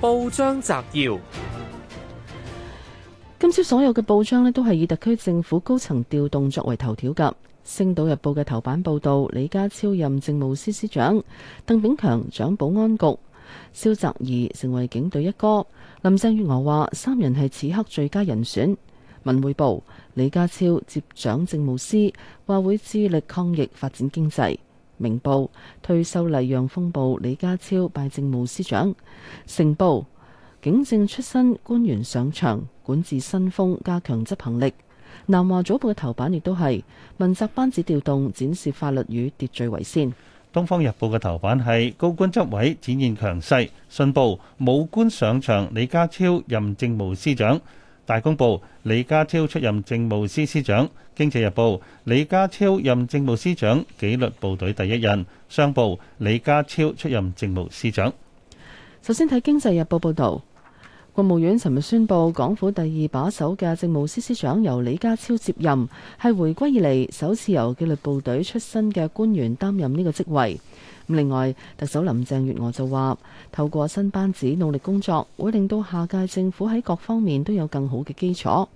報章摘要：今朝所有嘅報章咧，都係以特區政府高層調動作為頭條嘅《星島日報》嘅頭版報道。李家超任政務司司長，鄧炳強掌保安局，蕭澤怡成為警隊一哥。林鄭月娥話三人係此刻最佳人選。文匯報：李家超接掌政務司，話會致力抗疫、發展經濟。明報退休黎陽封報李家超拜政務司長，成報警政出身官員上場，管治新風，加強執行力。南華早報嘅頭版亦都係問責班子調動，展示法律與秩序為先。東方日報嘅頭版係高官執位，展現強勢。信報武官上場，李家超任政務司長。大公報李家超出任政務司司長，經濟日報李家超任政務司長紀律部隊第一人，商報李家超出任政務司長。首先睇經濟日報報導。國務院尋日宣布，港府第二把手嘅政務司司長由李家超接任，係回歸以嚟首次由紀律部隊出身嘅官員擔任呢個職位。另外，特首林鄭月娥就話，透過新班子努力工作，會令到下屆政府喺各方面都有更好嘅基礎。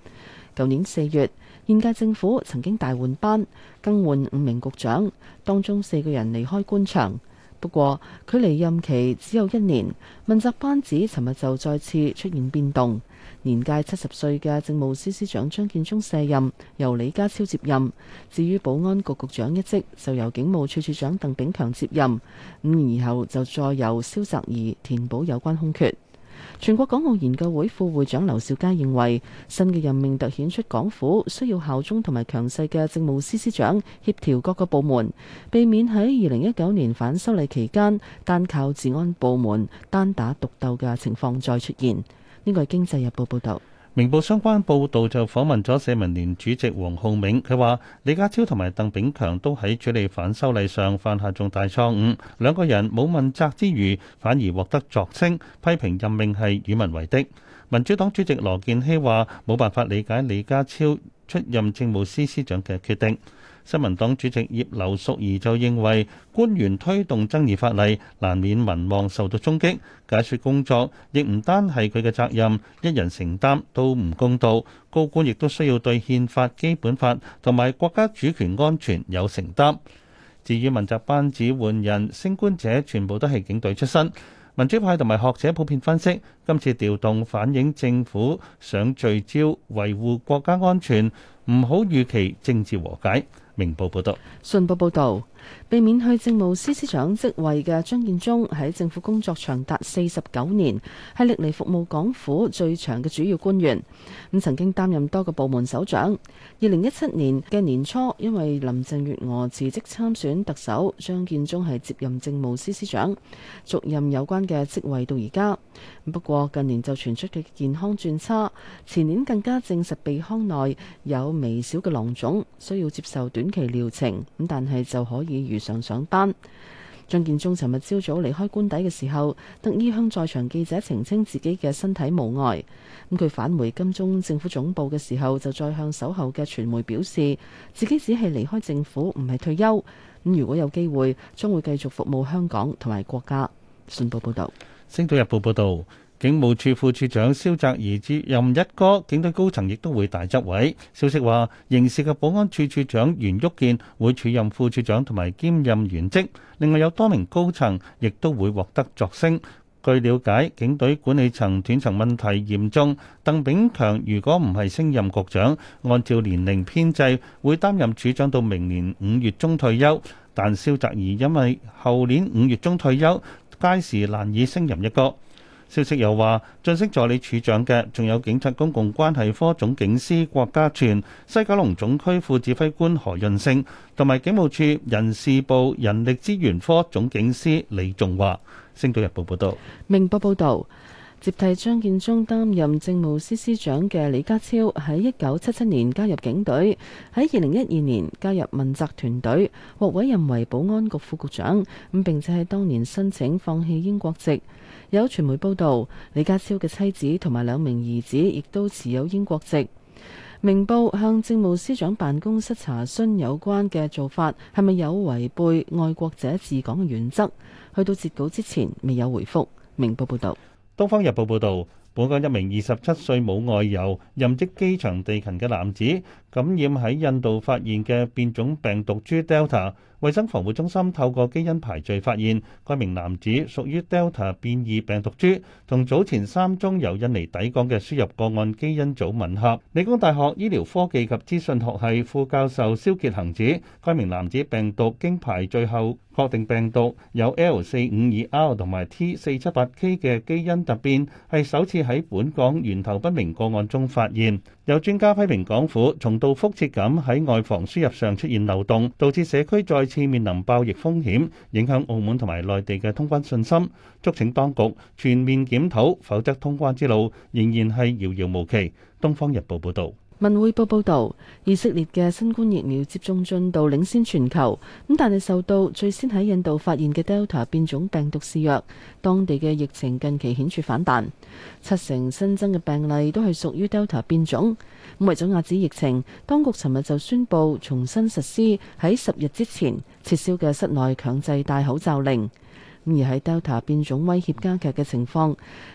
舊年四月，現屆政府曾經大換班，更換五名局長，當中四個人離開官場。不過，距離任期只有一年，問責班子尋日就再次出現變動。年屆七十歲嘅政務司司長張建宗卸任，由李家超接任。至於保安局局長一職，就由警務處處長鄧炳強接任。五年以後就再由蕭澤頤填補有關空缺。全國港澳研究會副會長劉兆佳認為，新嘅任命突顯出港府需要效忠同埋強勢嘅政務司司長協調各個部門，避免喺二零一九年反修例期間單靠治安部門單打獨鬥嘅情況再出現。呢個係《經濟日報》報道。明報相關報導就訪問咗社民連主席黃浩銘，佢話李家超同埋鄧炳強都喺處理反修例上犯下重大錯誤，兩個人冇問責之餘，反而獲得擢升，批評任命係與民為敵。民主黨主席羅健熙話冇辦法理解李家超出任政務司司長嘅決定。新民黨主席葉劉淑儀就認為，官員推動爭議法例，難免民望受到衝擊。解説工作亦唔單係佢嘅責任，一人承擔都唔公道。高官亦都需要對憲法、基本法同埋國家主權安全有承擔。至於問責班子換人升官者，全部都係警隊出身。民主派同埋學者普遍分析，今次調動反映政府想聚焦維護國家安全，唔好預期政治和解。明報報道，信報報道。被免去政務司司長職位嘅張建宗，喺政府工作長達四十九年，係歷嚟服務港府最長嘅主要官員。咁曾經擔任多個部門首長。二零一七年嘅年初，因為林鄭月娥辭職參選特首，張建宗係接任政務司司長，續任有關嘅職位到而家。不過近年就傳出佢健康轉差，前年更加證實鼻腔內有微小嘅囊腫，需要接受短期療程。咁但係就可以如常上，上班。張建宗尋日朝早離開官邸嘅時候，特意向在場記者澄清自己嘅身體無礙。咁佢返回金鐘政府總部嘅時候，就再向守候嘅傳媒表示，自己只係離開政府，唔係退休。咁如果有機會，將會繼續服務香港同埋國家。信報，報報道，《星島日報》報道。警務處副處長蕭澤怡接任一哥，警隊高層亦都會大執位。消息話，刑事嘅保安處處長袁旭健會署任副處長，同埋兼任原職。另外有多名高層亦都會獲得擢升。據了解，警隊管理層斷層問題嚴重。鄧炳強如果唔係升任局長，按照年齡編制會擔任處長到明年五月中退休。但蕭澤怡因為後年五月中退休，屆時難以升任一哥。消息又話，晉升助理處長嘅仲有警察公共關係科總警司郭家傳、西九龍總區副指揮官何潤勝，同埋警務處人事部人力資源科總警司李仲華。星島日報報道。明報報導。接替張建宗擔任政務司司長嘅李家超喺一九七七年加入警隊，喺二零一二年加入問責團隊，獲委任為保安局副局長。咁並且喺當年申請放棄英國籍。有傳媒報道，李家超嘅妻子同埋兩名兒子亦都持有英國籍。明報向政務司長辦公室查詢有關嘅做法係咪有違背愛國者治港嘅原則，去到截稿之前未有回覆。明報報導。《東方日報》報導，本港一名二十七歲冇外遊、任職機場地勤嘅男子，感染喺印度發現嘅變種病毒株 Delta。Del ta, 衞生防護中心透過基因排序發現，該名男子屬於 Delta 變異病毒株，同早前三宗由印尼抵港嘅輸入個案基因組吻合。理工大學醫療科技及資訊學系副教授蕭傑恒指，該名男子病毒經排序後確定病毒有 L452R 同埋 T478K 嘅基因突變，係首次喺本港源頭不明個案中發現。有專家批評港府重蹈覆轍咁喺外防輸入上出現漏洞，導致社區再次面臨爆疫風險，影響澳門同埋內地嘅通關信心。促請當局全面檢討，否則通關之路仍然係遙遙無期。《東方日報》報導。文匯報報道，以色列嘅新冠疫苗接種進度領先全球，咁但係受到最先喺印度發現嘅 Delta 變種病毒肆虐，當地嘅疫情近期顯著反彈，七成新增嘅病例都係屬於 Delta 變種。咁為咗遏止疫情，當局尋日就宣布重新實施喺十日之前撤銷嘅室內強制戴口罩令。而喺 Delta 變種威脅加劇嘅情況，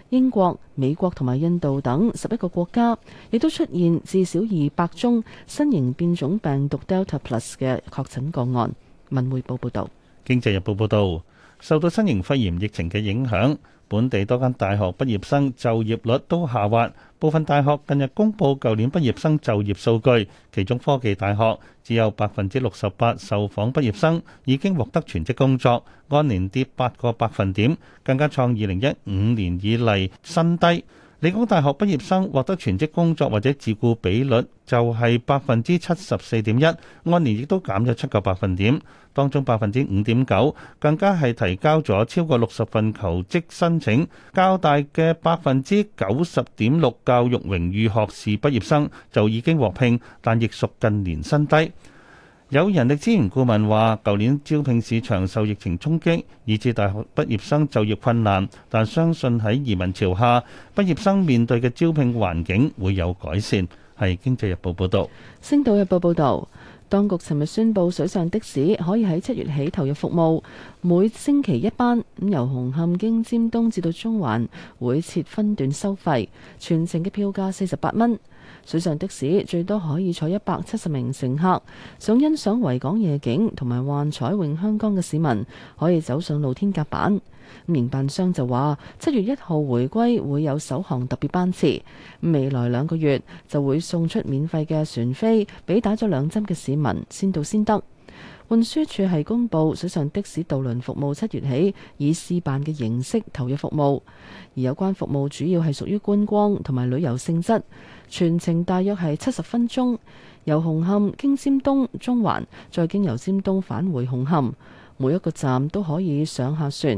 英國、美國同埋印度等十一個國家，亦都出現至少二百宗新型變種病毒 Delta Plus 嘅確診個案。文匯報報道。《經濟日報》報道，受到新型肺炎疫情嘅影響。本地多間大學畢業生就業率都下滑，部分大學近日公佈舊年畢業生就業數據，其中科技大學只有百分之六十八受訪畢業生已經獲得全職工作，按年跌八個百分點，更加創二零一五年以嚟新低。理工大學畢業生獲得全職工作或者自雇比率就係百分之七十四點一，按年亦都減咗七個百分點。當中百分之五點九更加係提交咗超過六十份求職申請，較大嘅百分之九十點六教育榮譽學士畢業生就已經獲聘，但亦屬近年新低。有人力資源顧問話，舊年招聘市場受疫情衝擊，以致大學畢業生就業困難。但相信喺移民潮下，畢業生面對嘅招聘環境會有改善。係《經濟日報》報道，《星島日報》報道，當局尋日宣布水上的士可以喺七月起投入服務，每星期一班，咁由紅磡經尖東至到中環，會設分段收費，全程嘅票價四十八蚊。水上的士最多可以坐一百七十名乘客，想欣賞維港夜景同埋幻彩詠香江嘅市民可以走上露天甲板。咁營辦商就話七月一號回歸會有首航特別班次，未來兩個月就會送出免費嘅船飛俾打咗兩針嘅市民先到先得。運輸署係公布水上的士渡輪服務七月起以試辦嘅形式投入服務，而有關服務主要係屬於觀光同埋旅遊性質。全程大約係七十分鐘，由紅磡經尖東、中環，再經由尖東返回紅磡。每一個站都可以上下船。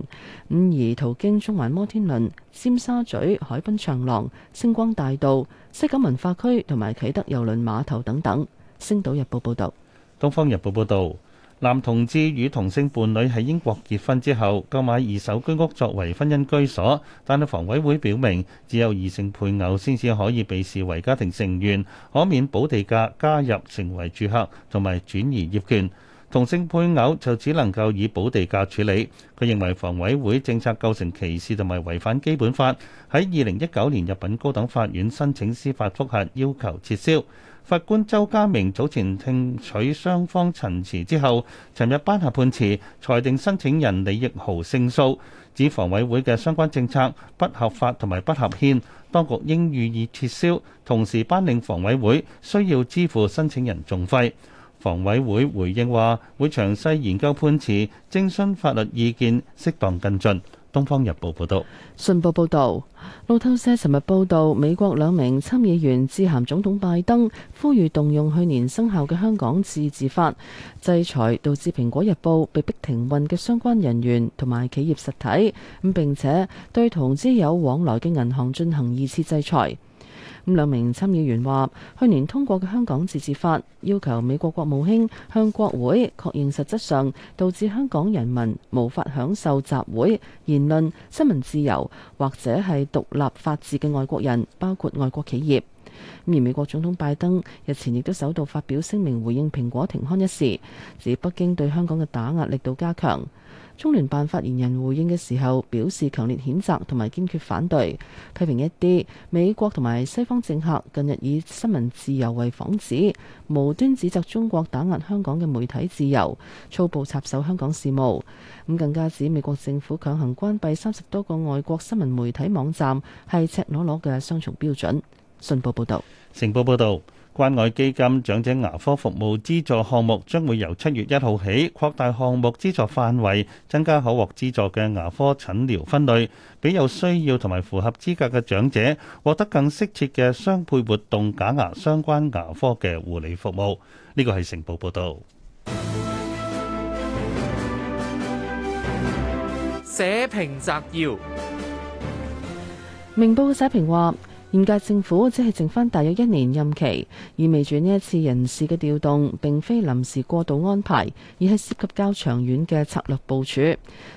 五而途經中環摩天輪、尖沙咀海濱長廊、星光大道、西九文化區同埋啟德郵輪碼頭等等。星島日報報道。東方日報報道。男同志與同性伴侶喺英國結婚之後，購買二手居屋作為婚姻居所，但係房委會表明，只有異性配偶先至可以被視為家庭成員，可免補地價加入成為住客同埋轉移業權。同性配偶就只能夠以補地價處理。佢認為房委會政策構成歧視同埋違反基本法，喺二零一九年入禀高等法院申請司法覆核，要求撤銷。法官周家明早前聽取雙方陳詞之後，尋日頒下判詞，裁定申請人李亦豪勝訴，指房委會嘅相關政策不合法同埋不合憲，當局應予以撤銷。同時頒令房委會需要支付申請人訟費。房委會回應話，會詳細研究判詞，徵詢法律意見，適當跟進。《東方日報》報道，信報報導，路透社昨日報導，美國兩名參議員致函總統拜登，呼籲動用去年生效嘅香港自治法，制裁導致《蘋果日報》被迫停運嘅相關人員同埋企業實體，咁並且對同之有往來嘅銀行進行二次制裁。咁兩名參議員話：去年通過嘅《香港自治法》要求美國國務卿向國會確認，實質上導致香港人民無法享受集會、言論、新聞自由，或者係獨立法治嘅外國人，包括外國企業。而美國總統拜登日前亦都首度發表聲明回應蘋果停刊一事，指北京對香港嘅打壓力度加強。中聯辦發言人回應嘅時候，表示強烈譴責同埋堅決反對，批評一啲美國同埋西方政客近日以新聞自由為幌子，無端指責中國打壓香港嘅媒體自由，粗暴插手香港事務。咁更加指美國政府強行關閉三十多個外國新聞媒體網站，係赤裸裸嘅雙重標準。信報報道，成報報道。關愛基金長者牙科服務資助項目將會由七月一號起擴大項目資助範圍，增加可獲資助嘅牙科診療分類，俾有需要同埋符合資格嘅長者獲得更適切嘅鑲配活動假牙相關牙科嘅護理服務。呢個係成報報道。社評摘要：明報嘅社評話。現屆政府只係剩返大約一年任期，意味住呢一次人事嘅調動並非臨時過渡安排，而係涉及較長遠嘅策略部署。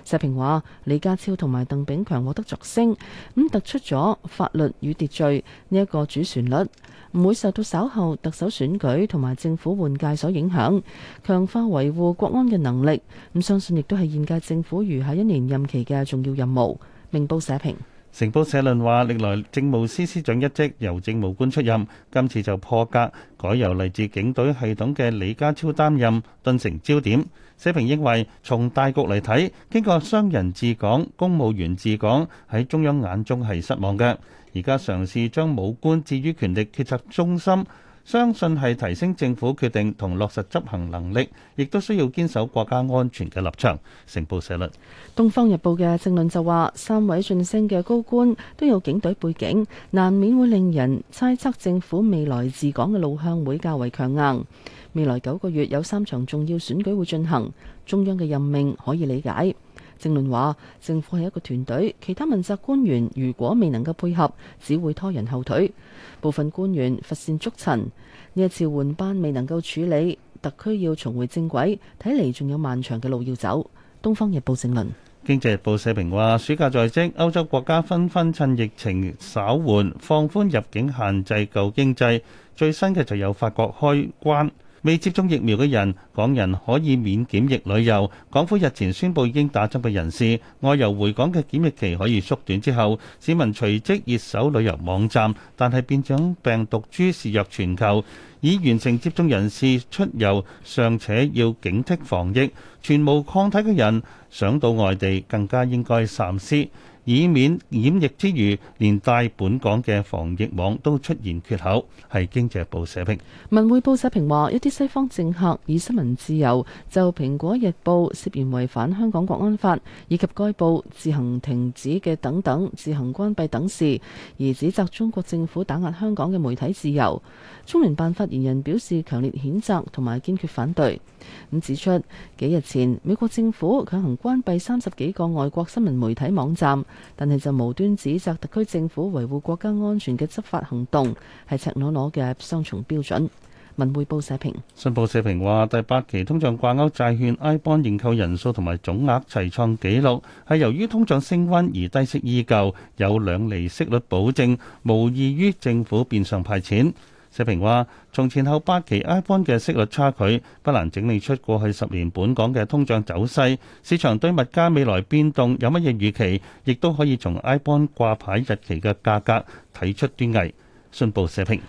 社評話：李家超同埋鄧炳強獲得擢升，咁突出咗法律與秩序呢一個主旋律，唔會受到稍後特首選舉同埋政府換屆所影響，強化維護國安嘅能力。咁相信亦都係現屆政府餘下一年任期嘅重要任務。明報社評。《成報》社論話：歷來政務司司長一職由政務官出任，今次就破格改由嚟自警隊系統嘅李家超擔任，頓成焦點。社評認為，從大局嚟睇，經過商人治港、公務員治港喺中央眼中係失望嘅，而家嘗試將武官置於權力決策中心。相信係提升政府決定同落實執行能力，亦都需要堅守國家安全嘅立場。成報社論，《東方日報》嘅政論就話：三位晉升嘅高官都有警隊背景，難免會令人猜測政府未來治港嘅路向會較為強硬。未來九個月有三場重要選舉會進行，中央嘅任命可以理解。政論話政府係一個團隊，其他問責官員如果未能夠配合，只會拖人後腿。部分官員罰善捉塵，呢次換班未能夠處理，特區要重回正軌，睇嚟仲有漫長嘅路要走。《東方日報》政論，《經濟日報》社評話暑假在即，歐洲國家紛紛趁疫情稍緩放寬入境限制救經濟，最新嘅就由法國開關。未接種疫苗嘅人，港人可以免檢疫旅遊。港府日前宣布已經打針嘅人士，外遊回港嘅檢疫期可以縮短之後，市民隨即熱搜旅遊網站。但係變種病毒株肆虐全球，已完成接種人士出遊，尚且要警惕防疫，全無抗體嘅人想到外地更加應該三思。以免染疫之餘，連帶本港嘅防疫網都出現缺口，係經濟報社評。文匯報社評話：一啲西方政客以新聞自由就《蘋果日報》涉嫌違反香港國安法，以及該報自行停止嘅等等、自行關閉等事，而指責中國政府打壓香港嘅媒體自由。中聯辦發言人表示強烈譴責同埋堅決反對。咁指出，幾日前美國政府強行關閉三十幾個外國新聞媒體網站。但係就無端指責特區政府維護國家安全嘅執法行動係赤裸裸嘅雙重標準。文匯報社評。信報社評話，第八期通脹掛鈎債券 I Bond 認購人數同埋總額齊創紀錄，係由於通脹升溫而低息依舊有兩厘息率保證，無異於政府變相派錢。社評話：從前後八期 iBond 嘅息率差距，不難整理出過去十年本港嘅通脹走勢。市場對物價未來變動有乜嘢預期，亦都可以從 iBond 掛牌日期嘅價格睇出端倪。信報社評。